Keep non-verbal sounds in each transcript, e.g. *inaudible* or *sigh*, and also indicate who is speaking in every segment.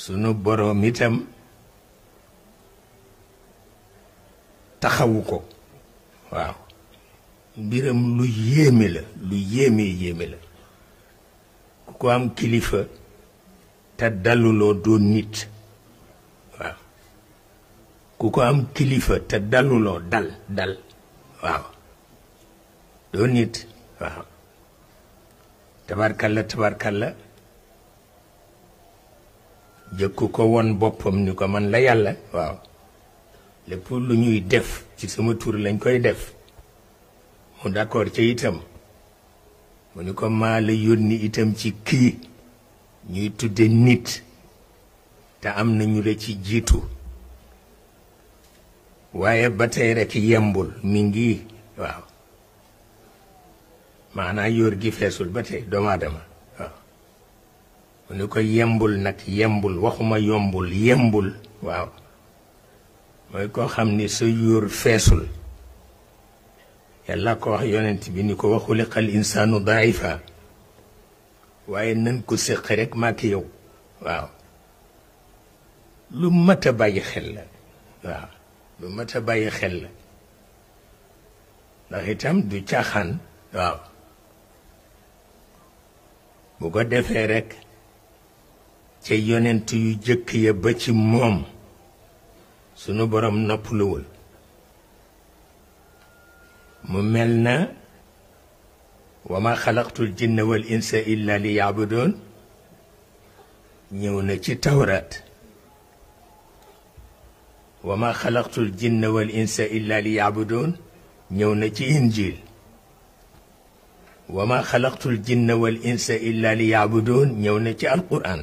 Speaker 1: sunu borom itam taxawu ko waaw mbiram lu yéeme la lu yéeme yéeme la ku ko am kilifa te daluloo doon nit waaw ku ko am kilifa te daluloo dal dal waaw doon nit waaw tabarkalla tabarkalla jëkku ko won boppam ni ko man la yàlla waaw lépp lu ñuy def ci sama tuur lañ koy def mu d'accord ca itam mu ni ko maa la yónni itam ci kii ñuy tudde nit te am nañu la ci jiitu waaye ba tey rek yembul mi ngi waaw maanaa yóor gi feesul ba tey doomu aadama ni ko yembul nak yembul waxuma yombul yembul waaw moy ko xamni ni sa yuur feesul yàlla ko wax yonent bi ni ko waxul waxuliqal insanu daifa waye nan ko séq rek maak yow waaw lu mata baye xel la waaw lu mata baye xel la ndax itam du tiaxan waaw bu ko defee rek ca yonent yu jëkk ya ba ci moom sunu borom noppaluwul mu mel na wa ma xalaqtul jinna wal insa illa li yaabudoon ñëw na ci tawraat wa ma xalaqtul jinna wal insa illa li yaabudoon ñëw na ci injil wa ma xalaqtul jinna wal insa illa li yaabudoon ñëw na ci alquran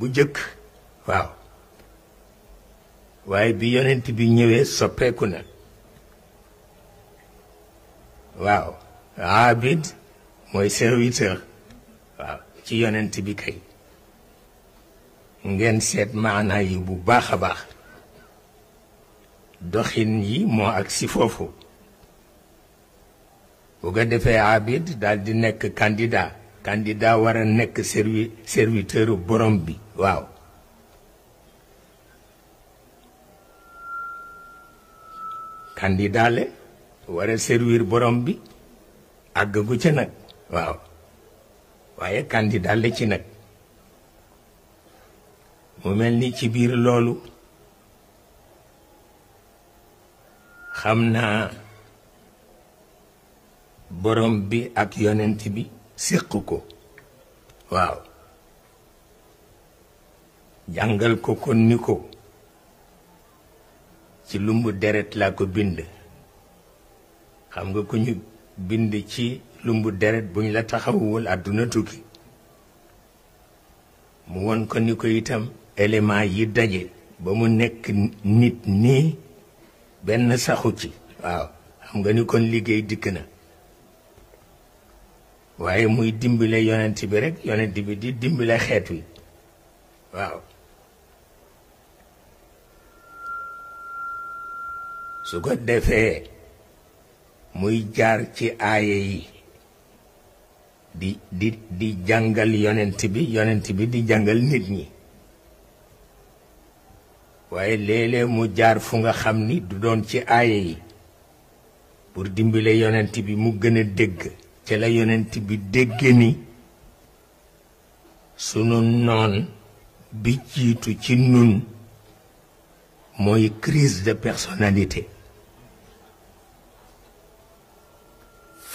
Speaker 1: bu jëkk waaw waaye bi yonent bi ñëwee soppeeku na waaw abid mooy serviteur waaw ci yonent bi kay ngeen seet maanaa bu baax a baax doxin yi moo ak si foofu bu ko defee abid daal di nekk candidat candidat war a nekk servi borom bi waaw candidat la war a servir borom bi àggagu ca nag waaw waaye candidat la ci nag mu mel ni ci biir loolu xam naa borom bi ak yonent bi séq ko waaw jàngal ko kon ni ko ci lumbu deret laa ko bind xam nga ku ñu bind ci lumbu deret buñ la taxawul àdduna tukki mu won ko ni ko itam élément yi daje ba mu nekk nit nii benn saxu ci waaw xam nga ni kon liggéey dikk na waaye muy dimbale yonent bi rek yonent bi di dimbale xeet wi waaw su ko defee muy jaar ci aaya yi di di di jàngal yonent bi yonent bi di jàngal nit ñi waaye léeg-léeg mu jaar fu nga xam ni du doon ci aaya yi pour dimbale yonent bi mu gën a dégg te la yonent bi dégg ni sunu noon bi jiitu ci nun mooy crise de personnalité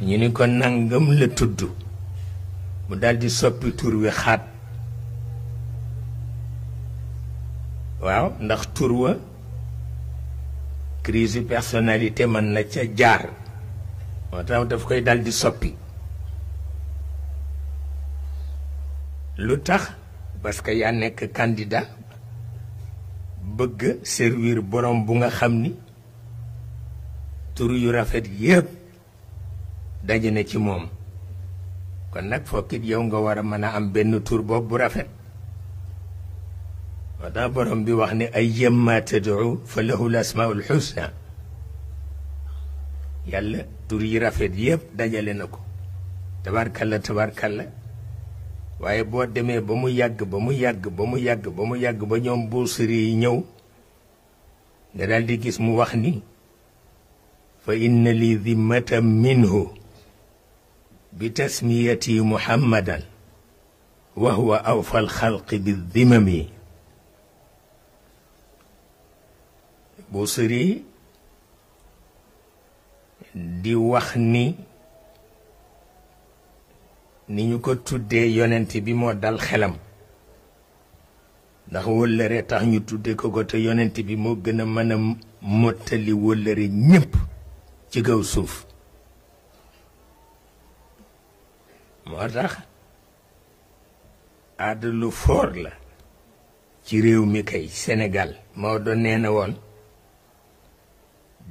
Speaker 1: ñu ni ko nangam la tudd mu daldi soppi tur wi xaat waaw ndax tur wa crise personnalité mën na ca jaar moo tax daf koy daldi soppi lu tax parce que yaa nekk candidat bëgg servir borom bu nga xam ni tur yu rafet yépp daje ci moom kon nag fokkit yow nga war a mën a am benn tur bopp bu rafet moo tax borom bi wax ne ay yemma tad'u fa lahul asmaul husna yàlla tur yi rafet yépp dajale na ko tabarkalla tabarkalla waaye boo demee ba mu yàgg ba mu yàgg ba mu yàgg ba mu yàgg ba ñoom buusiri yi ñëw nga daal di gis mu wax ni fa inna li dhimmatan minhu بتسميتي محمدا وهو أوفى الخلق بالذمم Busiri di wax ni ni ñu ko tuddee yonent bi moo dal xelam ndax wëllëre tax ñu tudde ko ko te yonent bi moo gën a mën a mottali wëllëre ñépp ci kaw suuf moo tax aada lu foor la ci réew mi kay Sénégal moo doon nee na woon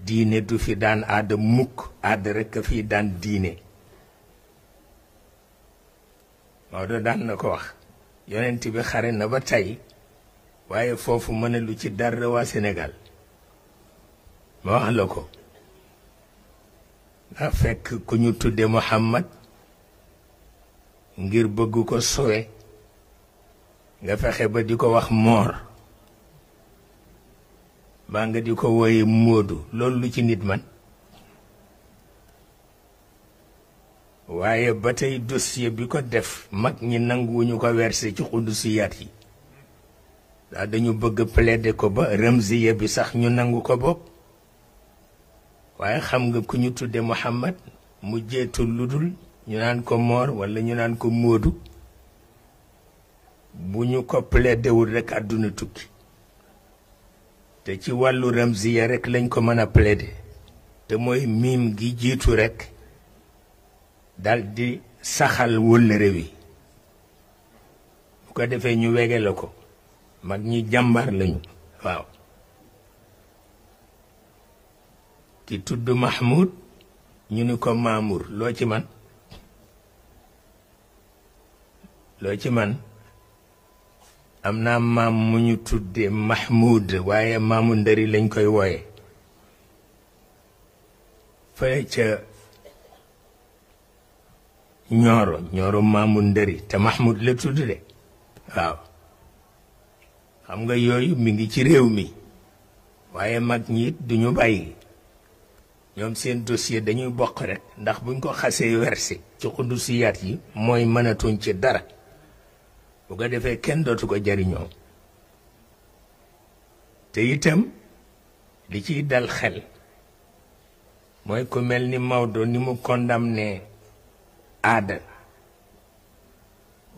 Speaker 1: diine du fi daan aada mukk aada rekk a fi daan diine moo doon daan na ko wax yonent bi xare na ba tey waaye foofu mën a lu ci dara waa Sénégal ma wax la ko ndax fekk ku ñu tudde Muhammad ngir bëgg ko sowe nga fexe ba di ko wax moor baa nga di ko wooye móodu loolu lu ci nit man waaye ba tey dossier bi ko def mag ñi nanguwuñu ko versé ci xudusiyaat yi daa dañu bëgg plaider ko ba rëmziya bi sax ñu nangu ko bopp waaye xam nga ku ñu tudde Muhammad mu jeetul lu dul ñu naan ko moor walla ñu naan ko móodu bu ñu ko plaidéwul rekk àdduna tukki te ci wàllu ramziya rekk lañ ko mën a plaidé te mooy miim gi jiitu rekk daldi di saxal wóllëre wi bu ko defee ñu wege la ko mag ñi jàmbar lañu waaw ki tudd Mahmoud ñu ni ko Mamour loo ci man loo ci man am naa maam mu ñu tuddee Mahmoud waaye maamu ndëri lañ koy wooye fële ca ñooro ñooro maamu ndëri te Mahmoud la tudd de waaw xam nga yooyu mi ngi ci réew mi waaye mag ñi it duñu bàyyi ñoom seen dossier dañuy bokk rek ndax buñ ko xasee wersi ci xundu si yaat yi mooy mënatuñ ci dara bu ko defee kenn dootu ko jariñoo te itam li ciy dal xel mooy ku mel ni Maodo ni mu kondam ne aada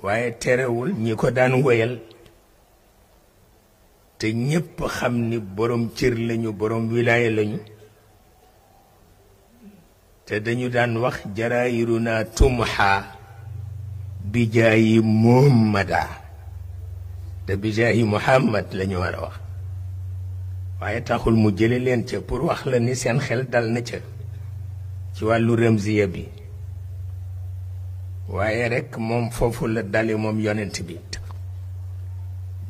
Speaker 1: waaye terewul ñi ko daan woyal te ñépp xam ni borom cër lañu borom wilaaya lañu te dañu daan wax jaraayiruna tumha bijaayi muhammada te bijaayi muhammad la ñu war a wax waaye taxul mu jële leen ca pour wax la ni seen xel dal na ca ci wàllu rëmziya bi waaye rekk moom foofu la dale moom yonent bi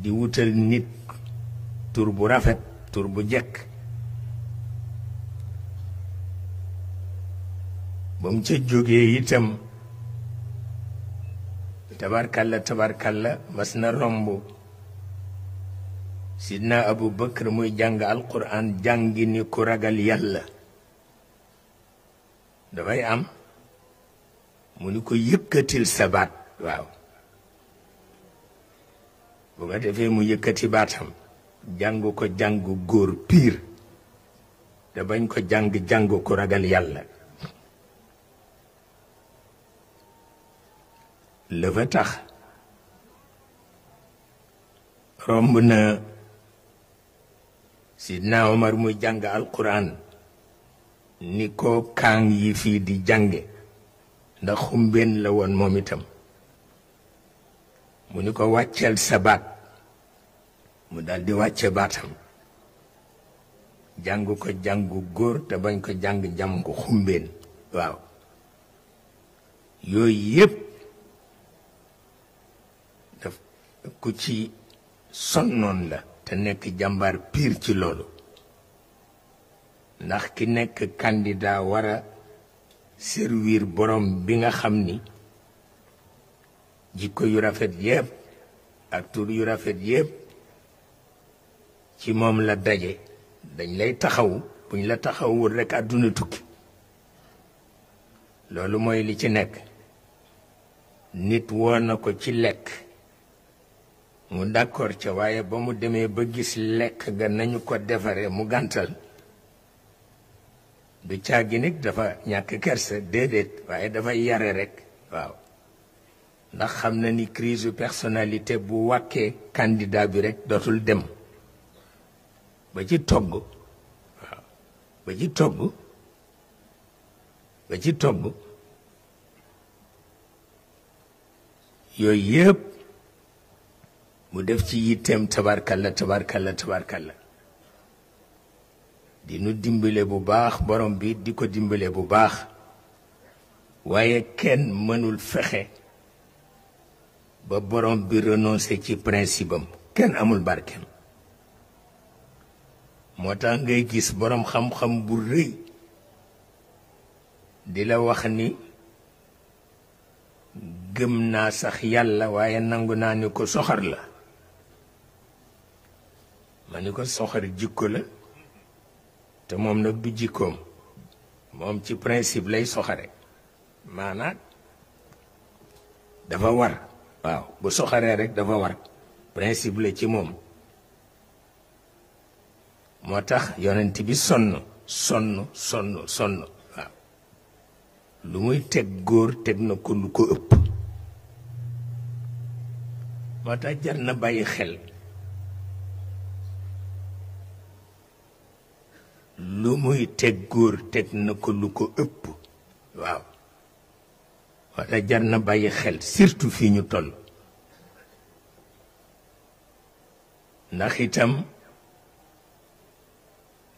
Speaker 1: di wutal nit tur bu rafet tur bu jekk ba mu ca jógee itam tabarkalla tabarkalla mas na romb sidna abu bakar muy jàng alquran jàngi ni ku ragal yàlla dafay am mu ni ko yëkkatil sa baat waaw bu nga defee mu yëkkati baatam jàng ko jàng góor piir te bañ ko jàng jàng ku ragal yàlla lëfa tax romb na sidna omar muy jàng alquran ni ko kaang yi fii di jànge ndax xumbeen la woon moom itam mu ni ko wàcceel sa mu daal di wàcce baatam jàng ko jàngu góor te bañ ko jàng jàngu xumbeen waaw yooyu yépp ku ci sonnoon la te nekk jàmbar piir ci loolu ndax ki nekk candidat war a servir borom bi nga xam ni jikko yu rafet yépp ak tur yu rafet yépp ci moom la daje dañ lay taxawu buñ la taxawul rekk àdduna tukki loolu mooy li ci nekk nit woo na ko ci lekk mu d'accord ca waaye ba mu demee ba gis lekk ga nañu ko defaree mu gàntal du caagi nag dafa ñàkk kersa déedéet waaye dafa yare rek waaw ndax xam na ni crise personnalité bu wàkkee candidat bi rek dootul dem ba ci togg waaw ba ci togg ba ci togg yooyu yépp mu def ci yitteem tabarkalla tabarkalla tabarkalla di nu dimbale bu baax borom bi di ko dimbale bu baax waaye kenn mënul fexe ba borom bi renoncé ci principe am kenn amul barkeem moo tax ngay gis borom xam-xam bu rëy di la wax ni gëm naa sax yàlla waaye nangu naa ni ko soxar la ma ni ko soxor jikko la te moom nag du jikkoom moom ci principe lay soxare maanaam dafa war waaw bu soxaree rek dafa war principe la ci moom moo tax yonent bi sonn sonn sonn sonn waaw lu muy teg góor teg na ko lu ko ëpp moo tax jar na bàyyi xel lu muy teg góor teg na ko lu ko ëpp waaw wala jar na bàyyi xel surtout fii ñu toll ndax itam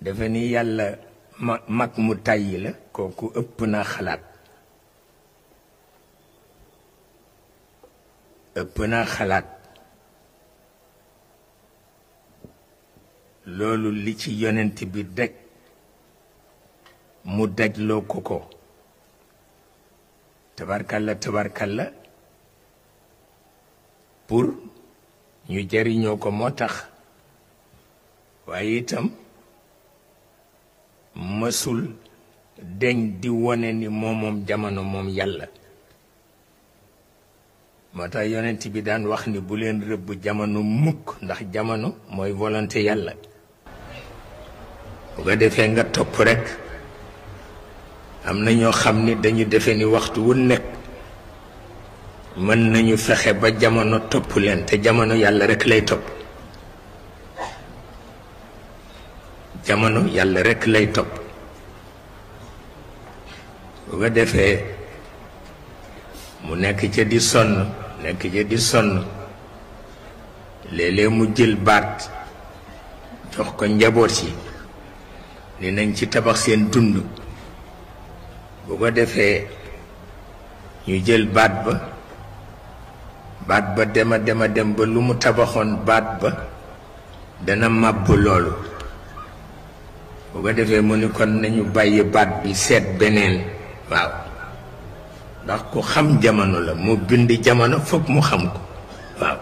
Speaker 1: dafa ni yàlla mag mu tàyyi la kooku ëpp naa xalaat ëpp naa xalaat loolu li ci yonent bi dekk mu dajloo ko ko tabarkalla la pour ñu jariñoo ko moo tax waaye itam mësul deñ di wone ni moom jamono moom yàlla moo tax yonent bi daan wax ni bu leen rëbb jamono mukk ndax jamono mooy volonté yàlla bu ko defee nga topp rekk am na ñoo xam ni dañu defe ni waxtu wu nekk mën nañu fexe ba jamono topp leen te jamono yàlla rekk lay topp jamono yàlla rekk lay topp bu ko defee mu nekk ca di sonn nekk ca di sonn léeg-léeg mu jël baat jox ko njaboot yi ni nañ ci tabax seen dund bu ko defee ñu jël baat ba baat ba dema dema dem ba lu mu tabaxoon baat ba dana màbb loolu bu ko defee mu ni kon nañu bàyyi baat bi seet beneen waaw ndax ku xam jamono la mu bind jamono foog mu xam ko waaw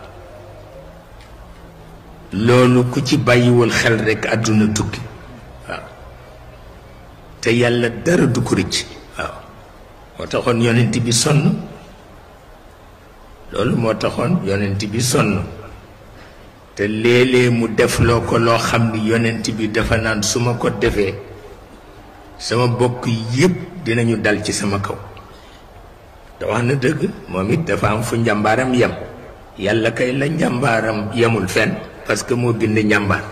Speaker 1: loolu ku ci bàyyiwul xel rekk àdduna tukki waaw te yàlla dara du ko rëcc moo taxoon yonent bi sonn loolu moo taxoon yonent bi sonn te léeg-léeg mu def loo ko loo xam ni yonent bi dafa naan su ma ko defee sama bokk yépp dinañu dal ci sama kaw te wax na dëgg moom it dafa am fu njàmbaaram yem yàlla kay la njàmbaaram yemul fenn parce que moo bind njàmbaar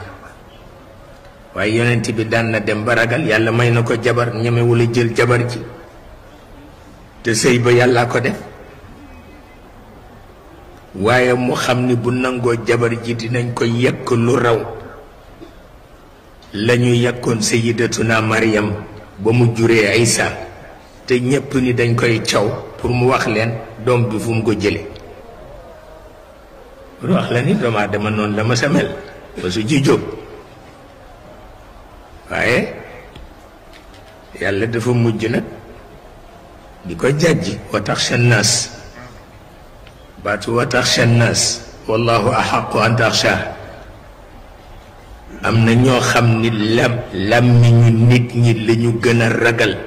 Speaker 1: waaye yonent bi daan na dem ba ragal yàlla may na ko jabar ñemewula jël jabar ji te sëy ba yàllaa ko def waaye mu xam ni bu nangoo jabar ji dinañ ko yekk lu raw lañu yekkoon sayyidatuna Maryam ba mu juree Aysa te ñépp ni dañ koy caw pour mu wax leen doom bi fu mu ko jële pour wax la ni doomu Aadama noonu la ma samel ba su ci waaye yàlla dafa mujj nag di ko jàjji wa taxsha nnaas baatu wa taxsha nnaas wallahu axaqu an taxsha am na ñoo xam ni lam làmmiñu nit ñi la ñu gën a ragal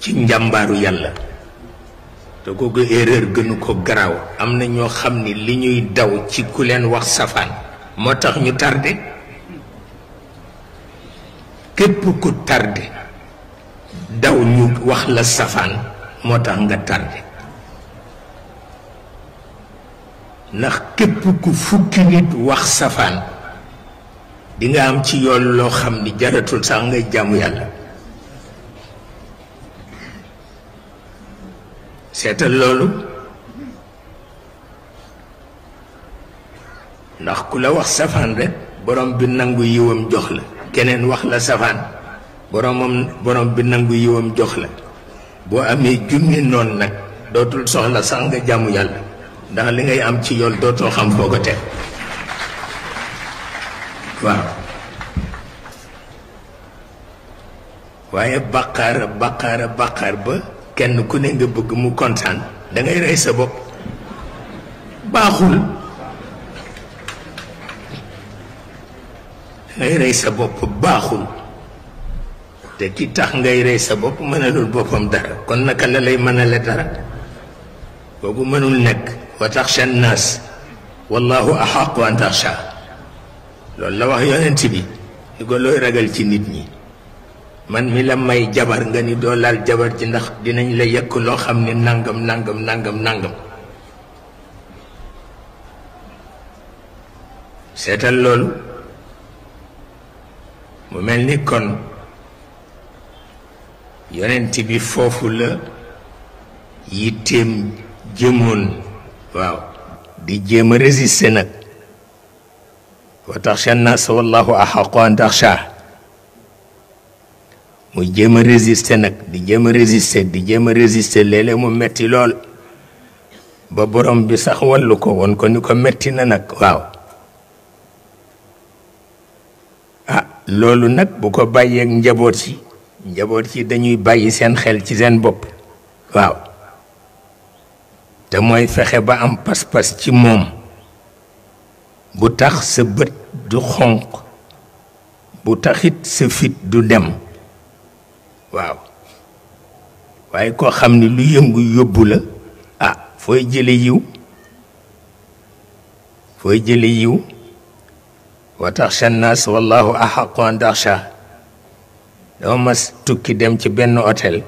Speaker 1: ci njàmbaaru yàlla te ko erreur gënu ko garaaw am na ñoo xam ni li ñuy daw ci ku leen wax safaan moo tax ñu tàrde képp ku tardé daw ñu wax la safaan moo tax nga tardé ndax képp ku fukki nit wax safaan dinga am ci yoon loo xam ni jaratul sax ngay jaamu yàlla seetal loolu ndax ku la wax safaan rekk borom bi nangu yiwam jox la keneen wax la safaan boromam borom bi nangu yiwam jox la boo amee junni noon nag dootul soxla sax nga jàmmu yàlla ndax li ngay am ci yoon dootoo xam foo ko teg waaw waaye bàqaara bàqaara bàqaar ba kenn ku ne nga bëgg mu kontaan da ngay rey sa bopp baaxul da rey sa bopp baaxul te ki tax ngay rey sa bopp mënalul boppam dara kon naka la lay mënale dara kooku mënul nekk wa taxsha nnaas wallahu axaqu an taxsha loolu la wax yonent bi ñu ko looy ragal ci nit ñi man mi la may jabar nga ni doo laal jabar ji ndax dinañ la yekk loo xam ne nangam nangam nangam nangam seetal loolu mu mel ni kon yonent bi foofu la yitteem jëmoon waaw di jéem a résister nag wa taxsha naas wallahu axaqu an taxsha muy jéem a résister nag di jéem a résister di jéem a résister léeg-léeg mu metti lool ba borom bi sax wallu ko woon ko ni ko metti na nag waaw ah loolu nag bu ko bàyyeek njaboot si njaboot ci dañuy bàyyi seen xel ci seen bopp waaw te mooy fexe ba am pas-pas ci moom bu tax sa bët du xonq bu taxit sa fit du dem waaw waaye koo xam ni lu yëngu yóbbu la ah fooy jële yiw fooy jële yiw wa taxsha nnaas wallahu axaqu an taxsha dama mas tukki dem ci benn hôtel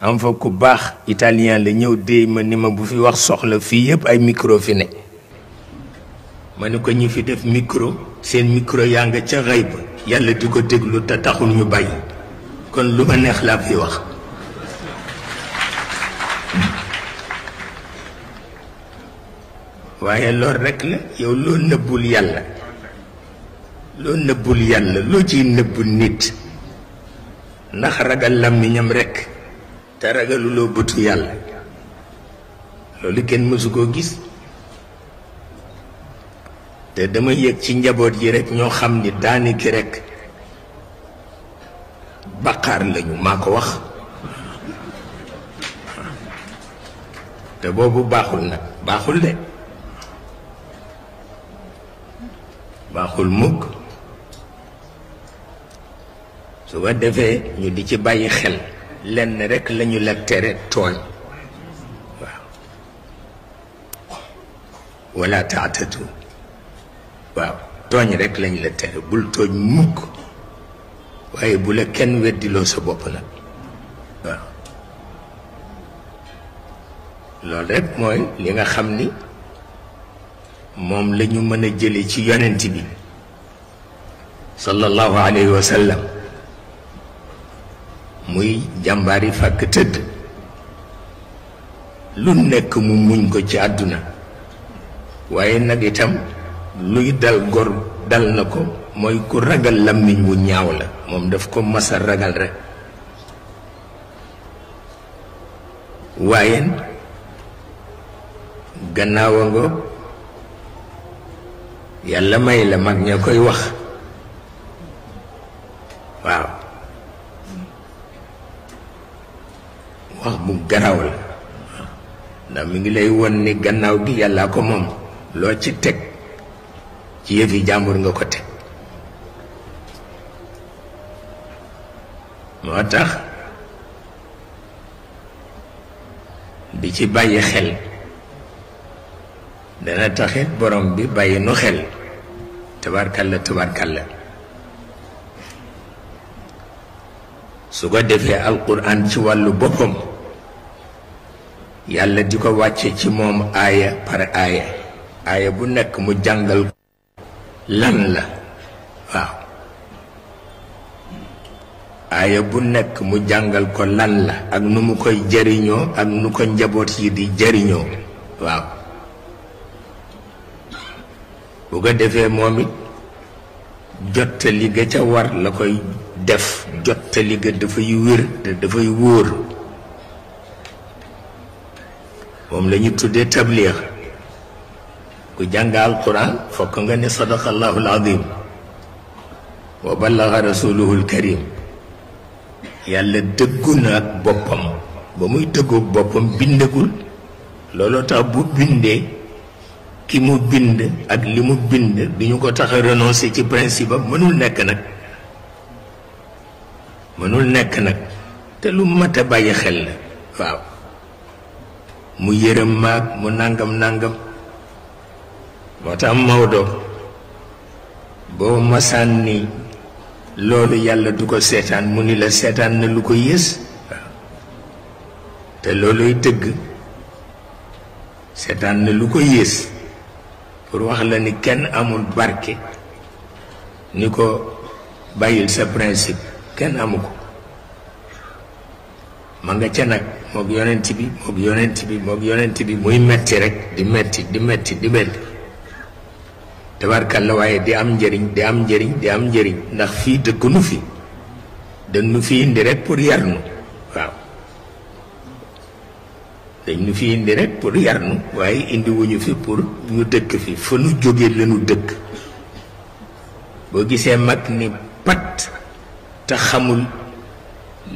Speaker 1: am fa ku baax italien la ñëw déy ma ni ma bu fi wax soxla fii yëpp ay mikro fi ne ma ni ko ñi fi def micro seen micro yaa nga ca xëy ba yàlla di ko déglu te taxul ñu bàyyi kon lu ma neex laa fi wax waaye lool rekk la yow loo nëbbul yàlla loo nëbbul yàlla loo ciy nëbb nit ndax ragal làmmiñam rekk te ragaluloo bëtu yàlla loolu kenn mësu koo gis te dama yëg ci njaboot yi rekk ñoo xam ni daani ki rekk baqaar lañu maa ko wax te boobu baaxul nag baaxul de baaxul mukk su ko defee ñu di ci bàyyi xel lenn rek lañu la tere tooñ waaw wala taatatu waaw tooñ rek lañu la tere bul tooñ mukk waaye bu la kenn weddiloo sa bopp nag waaw loolu rek mooy li nga xam ni moom la ñu mën a jële ci yonent bi sallallahu alayhi wa sallam muy jàmbari fàkk tëdd lu nekk mu muñ ko ci àdduna waaye nag itam luy dal gor dal na ko mooy ku ragal làmmiñ wu ñaaw la moom daf ko masa ragal rekk waaye gannaaw a yàlla may la mag ña koy wax waaw wax bu garaaw la ndax mi ngi lay won ni gannaaw gi yàllaa ko moom loo ci teg ci yëfi jàmbur nga ko teg moo tax di ci bàyyi xel dana taxit borom bi bàyyi nu xel tabarkalla tabarkalla su ko defee alquran ci wàllu boppam yàlla di ko wàcce ci moom aaya par aaya la waaw aaya bu nekk mu jàngal ko lan la ak nu mu koy jariñoo ak nu ko njaboot yi di jariñoo waaw bu ko defee moom it jottali ga ca war la koy def jottali ga dafay wér te dafay wóor mom lañu tuddé tabligh ku jàng alquran fokk nga ni sadaqa allah alazim wa ballagha rasuluhu alkarim yàlla dëggu ak bopam ba muy dëggoog boppam bindagul looloo tax bu bindé ki mu bind ak limu bind biñu ko taxé renoncer ci principe manul nek nak manul nek nak te lu mata baye xel la waaw mu yërëm maag mu nangam nangam moo tax Maodo boo masaan ni loolu yàlla du ko seetaan mu ni la seetaan na lu ko yées te looluy dëgg seetaan na lu ko yées pour wax la ni kenn amul barke ni ko bàyyil sa principe kenn amu ko ma nga ca nag mook yonent bi moog yonent bi moog yonent bi muy metti rek di metti di metti di metti tabarkalla waaye di am njariñ di am njëriñ di am njëriñ ndax fii dëkkunu fi dañ nu fi indi nu waaw dañ nu fi indi rek pour yar nu waaye indiwuñu fi pour ñu dëkk fi fa nu jóge lanu dëkk boo gisee mag ni pat te xamul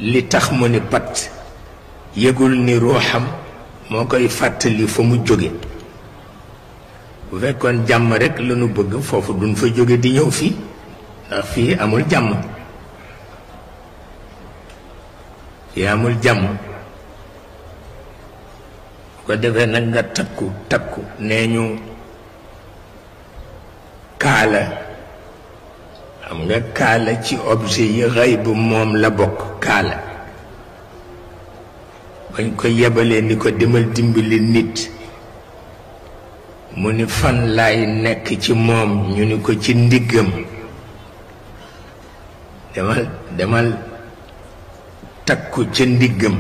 Speaker 1: li tax mu ni pat yëgul ni ruuxam moo koy fàttali fa mu jóge bu fekkoon jàmm rekk la bëgg foofu duñ fa jóge di ñëw fii ndax fii amul jàmm fii amul jàmm bu ko defee nag nga takku takku nee ñu kaala xam nga kaala ci objet yi xëy bu moom la bokk kaala bañ ko yebalee ni ko demal dimbali nit mu ni fan laay nekk ci moom ñu ni ko ci ndiggam demal demal takku ca ndiggam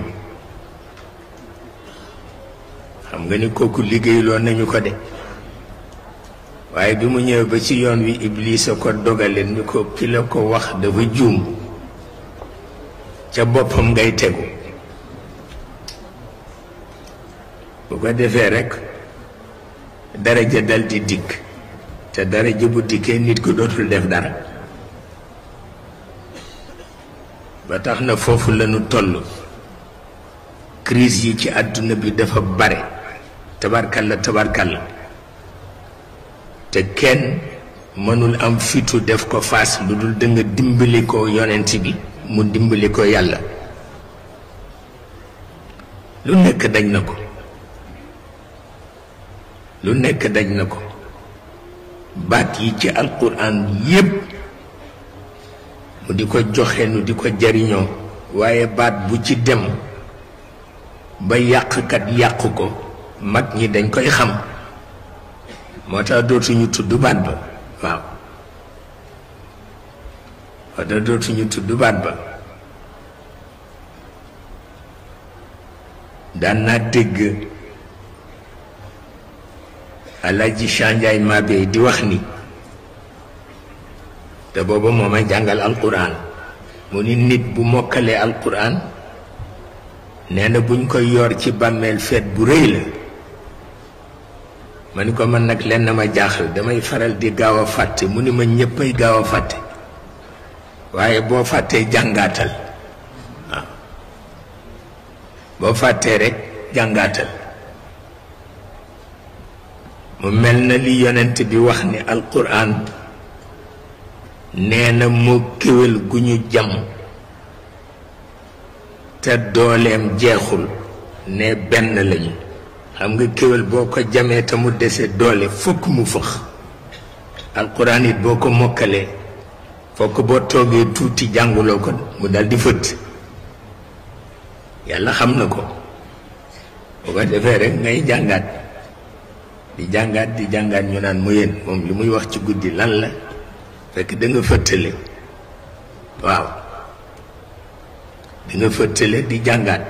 Speaker 1: xam nga ni kooku liggéeyloo nañu ko de waaye bi mu ñëwee ba ci yoon wi Iblis ko dogale ni ko ki ko wax dafa juum ca boppam ngay tegu bu ko defee rek daraja dal di dikk te daraja bu dikkee nit ku dootul def dara ba tax na foofu lañu toll crise yi ci àdduna bi dafa bare tabarkalla tabarkalla te kenn mënul am fitu def ko faas lu dul danga dimbali ko yonent bi mu dimbali ko yàlla lu nekk dañ na ko lu nekk daj na ko baat yi ci alquran yépp mu di ko joxe nu di ko jariñoo waaye baat bu ci dem ba yàqkat yàq ko mag ñi dañ koy xam moo tax dootuñu tudd baat ba waaw moo tax dootuñu tudd baat ba daan naa dégg alaaji chandiay yi di wax ni te booba moo may jàngal alquran mu ni nit bu mokkalee alquran nee na buñ koy yor ci bàmmeel feet bu rëy la ma ni ko mën nag lenn ma jaaxal damay faral di gaaw a fàtte mu ni ma ñéppay gaaw a fàtte waaye boo fàttee jàngaatal boo fàttee rekk jàngaatal mu mel na li yonent bi wax ni alquran nee na moo kéwél gu ñu jam te dooleem jeexul ne benn lañu xam nga kéwél boo ko jamee te mu dese doole fokk mu fëx alquran it boo ko mokkalee fokk boo toogee tuuti jànguloo ko mu daldi di fëtt yàlla xam na ko boo ko defee rek ngay jàngaat di jàngaat di jàngaat ñu naan mu yéen moom li muy wax ci guddi lan la fekk da nga fëttale waaw da nga fëttale di jàngaat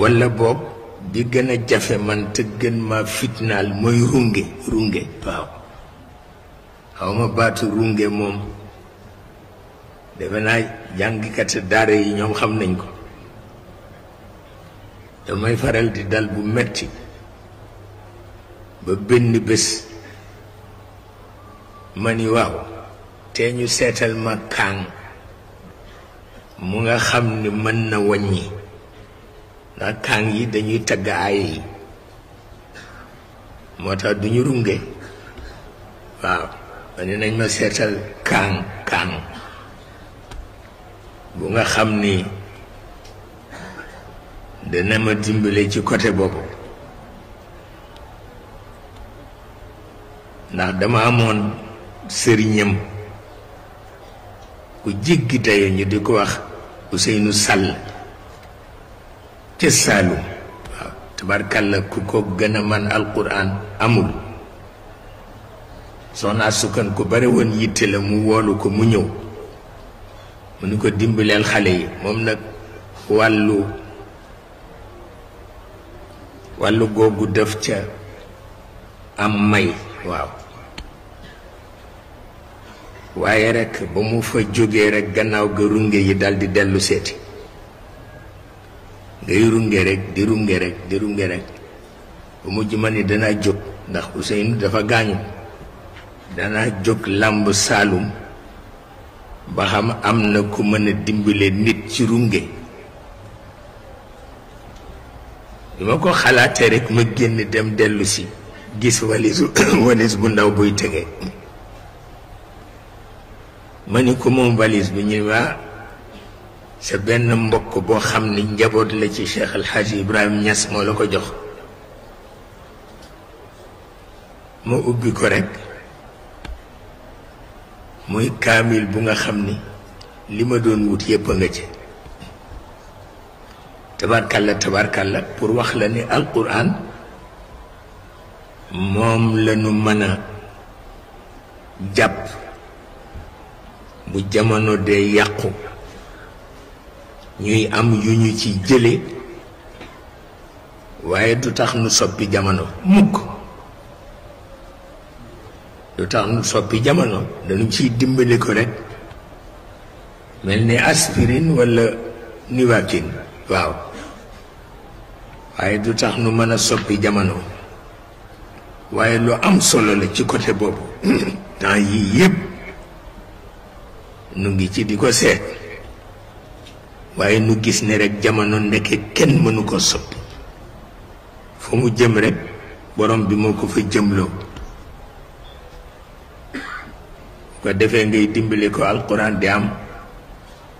Speaker 1: walla boob di gën a jafe man te gën ma fitnaal mooy runge runge waaw xaw ma baatu runge moom defe naa jàngkat daara yi ñoom xam nañ ko damay faral di dal bu metti ba benn bés ma ni waaw te ñu seetal ma kaang mu nga xam ni mën na wàññi ndax kaang yi dañuy tagg aay yi moo tax duñu ñu runge waaw ma nañ ma seetal kaang kaang bu nga xam ni dana ma dimbale ci côté boobu ndax dama amoon sëriñam ku jéggi dayo ñu di ko wax Ousseynou sal ca Saalum waaw tabarkàlla ku ko gën a man alquran amul soxnaa sukkan ku bare woon yitte la mu woolu ko mu ñëw mu ni ko dimbaleel xale yi moom nag wàllu wàllu googu def ca am may waaw waaye rekk ba mu fa jógee rekk gannaaw ga runge yi daldi dellu seeti ngay runge rek di runge rek di mujj ma ni dana jóg ndax Ousseynou dafa gaañu danaa jóg làmb Saalum ba xam am na ku mën a dimbale nit ci runge bi ma ko xalaatee rekk ma génn dem dellusi gis walisu *coughs* walis bu ndaw buy tege ma ni ko moom valise bi ñuy waa sa benn mbokk boo xam ni njaboot la ci Cheikh El Hadj Ibrahim Niass moo la ko jox ma ubbi ko rekk muy kaamil bu nga xam ni li ma doon wut yépp a nga ci tabarkalla tabarkalla pour wax la ni alquran moom lañu mën a jàpp bu jamono dee yàqu ñuy am yu ñu ci jële waaye du tax nu soppi jamono mukk du tax nu soppi jamono dañu ciy dimbali ko rek mel ni aspirine walla niwaakin waaw waaye du tax nu mën a soppi jamono waaye lu am solo la ci côté boobu *clears throat* temps yii yëpp nu ngi ci di ko seet waaye nu gis ni rekk jamono ndeke kenn mënu ko soppi fu mu jëm rek borom bi moo ko fa jëmloo ko defee ngay dimbale ko alquran di am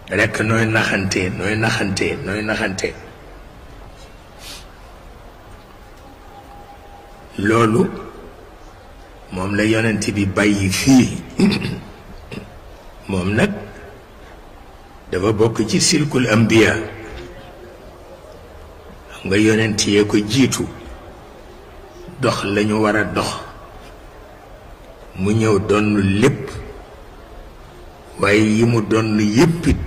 Speaker 1: rek nooy naxantee nooy naxantee nooy naxantee loolu moom la yonent bi bàyyi fii *coughs* moom nag dafa bokk ci silkul am xam nga yonent yee ko jiitu dox lañu war a dox mu ñëw donn lépp waaye yi mu donn yéppit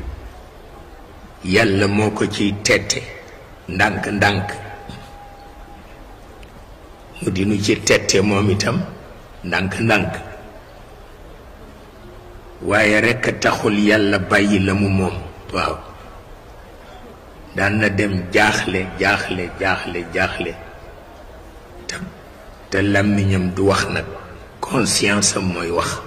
Speaker 1: yàlla moo ko ci tette ndànk-ndànk Nous dinu ci nous moom itam nank taxul na dem du wax conscience am nous wax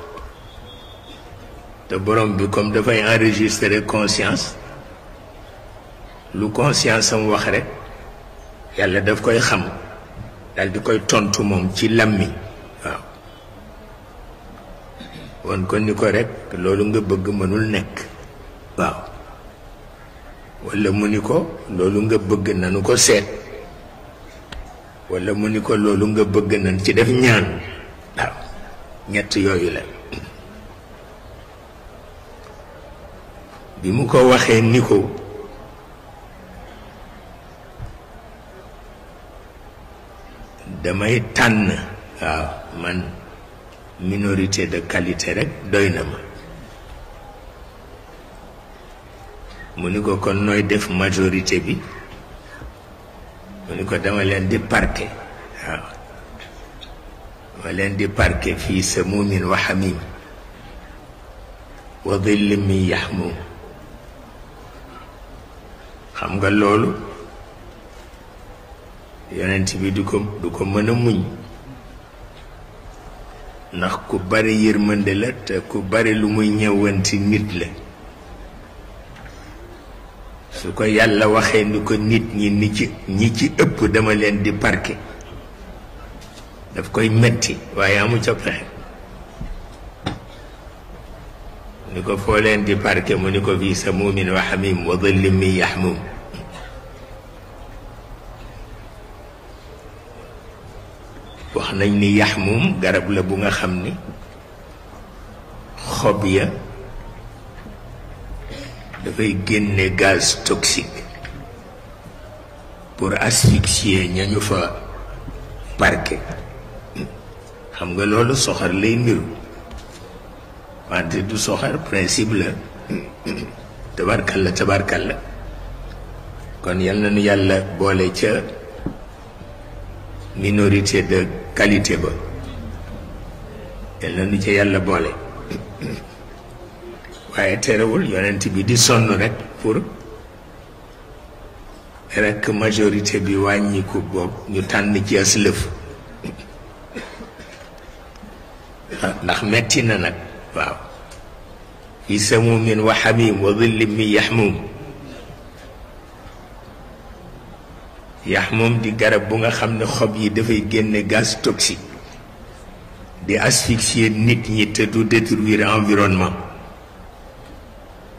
Speaker 1: te borom bi comme enregistrer conscience lu conscience am wax rek daf dal di koy tontu moom ci làmmiñ waaw won ko ni ko rekk loolu nga bëgg mënul nekk waaw walla mu ni ko loolu nga bëgg nanu ko seet walla mu ni ko loolu nga bëgg nan ci def ñaan waaw ñett yooyu la bi mu ko waxee ni ko damay tànn waaw man minorité de qualité rek doy na ma mu ni ko kon nooy def majorité bi mu ni ko dama leen di parqué waaw dama leen di parqué fii samuumin wa xamiim wa dhillin min yaxmuum xam nga loolu yonent bi du ko du ko mën a muñ ndax ku bari yërmande la te ku bari lu muy ñëwanti nit la su ko yàlla waxee ni ko nit ñi ni ci ñi ci ëpp dama leen di parke daf koy metti waaye amu ca ni ko foo leen di parke mu ni ko fii samuumin wa xamim wa dhillin min yahmum wax nañ ni yax moom garab la bu nga xam ni xob ya dafay génne gaz toxique pour asphyxier ñañu fa parqué xam nga loolu soxar lay niru wante du soxar principe la tabarkalla tabarkalla kon yal na nu yàlla boole ca minorité de qualité ba yal na nu ca yàlla boole waaye terewul yonent bi di sonn rek pour rek majorité bi wañi ko bob ñu tan ci asleuf ndax metti na nak waaw isamu min wa xamim wa dhillim min yahmum yax moom di garab bu nga xam ne xob yi dafay génne gaz toxique di asphyxier nit ñi te du détruire environnement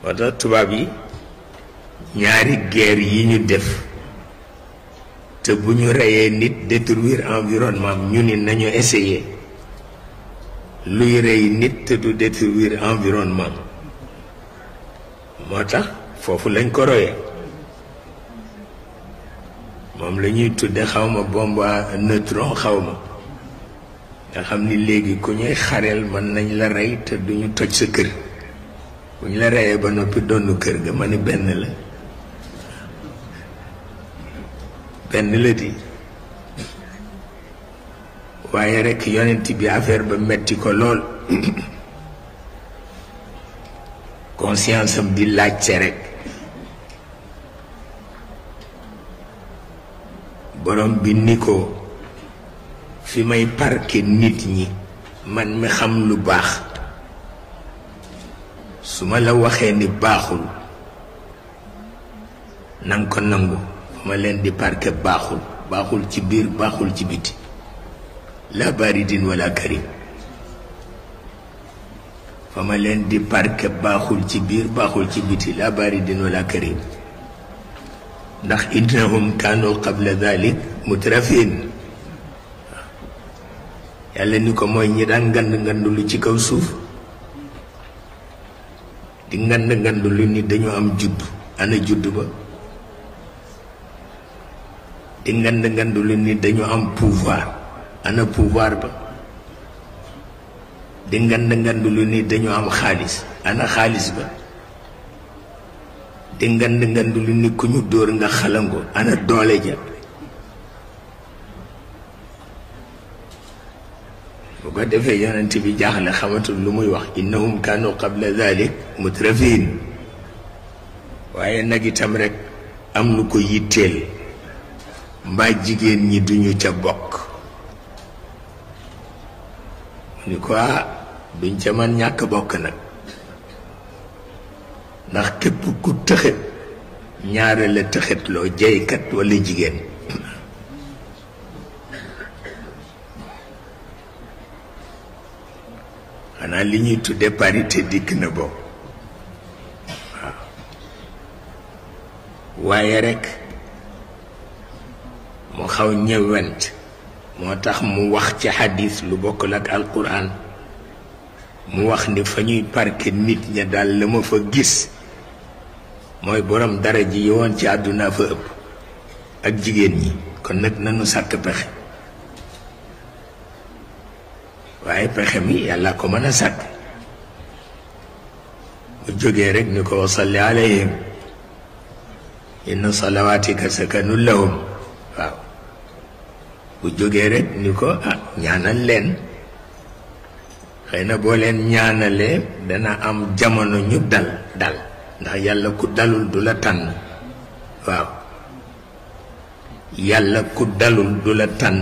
Speaker 1: moo tax tubaab yi ñaari guerre yi ñu def te bu ñu reyee nit détruire environnement ñu ni nañu essayer luy rey nit te du détruire environnement moo tax foofu lañ ko royee moom la ñuy tudde xaw ma bombe à neutron xaw ma nga xam ni léegi ku ñuy xareel mën nañ la rey te duñu toj sa kër bu ñu la reyee ba noppi donn kër ga ma ni benn la benn la di waaye rekk yonent bi affaire ba metti ko lool *coughs* conscience am di laajte rekk borom bi ni ko fi may parke nit ñi man mi xam lu baax su ma la waxee ni baaxul nanga ko nangu ma leen di parke baaxul baaxul ci biir baaxul ci biti la baridin wala karim fa ma leen di parke baaxul ci biir baaxul ci biti la baridin wala karim ndax innahum kaanu qabla dalik mutrafin yàlla ni ko mooy ñi daan ngand ngand lu ci kaw suuf di ngand ngand lu ni dañu am judd ana judd ba di ngand ngand lu ni dañu am pouvoir ana pouvoir ba di ngand ngand lu ni dañu am xaalis ana xaalis ba di ngand lu ni ku ñu dóor nga xalango ana doole ja bu ko defee yonent bi jaaxle xamatul lu muy wax innahum kaanu qabla dalik mutrafin waaye nag itam rek am lu ko yitteel mbaa jigéen ñi duñu ca bokk mu ni ko ah, duñ ca man ñàkk bokk nag ndax képp ku tëxët ñaare la tëxët walla jigéen xanaa li ñuy tudde parité dikk na bo waaw waaye rekk mu xaw ñëwant moo tax mu wax ci xadis lu bokkul ak alquran mu wax ni fa ñuy parqué nit ña daal la ma fa gis mooy borom dara ji yowoon ci àdduna fa ëpp ak jigéen ñi kon nag nanu sàkk pexe waaye pexe mi yàlla ko mën a sàkk mu jógee rek ni ko wasalli alayhim inna salawaatika sakanun lahum waaw bu jógee rek ni ko ah ñaanal leen xëy na boo leen ñaanalee dana am jamono ñu dal dal ndax yàlla ku dalul du la tànn waaw yàlla ku dalul du la tànn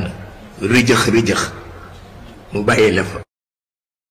Speaker 1: rëjëx rëjëx mu bàyyi la fa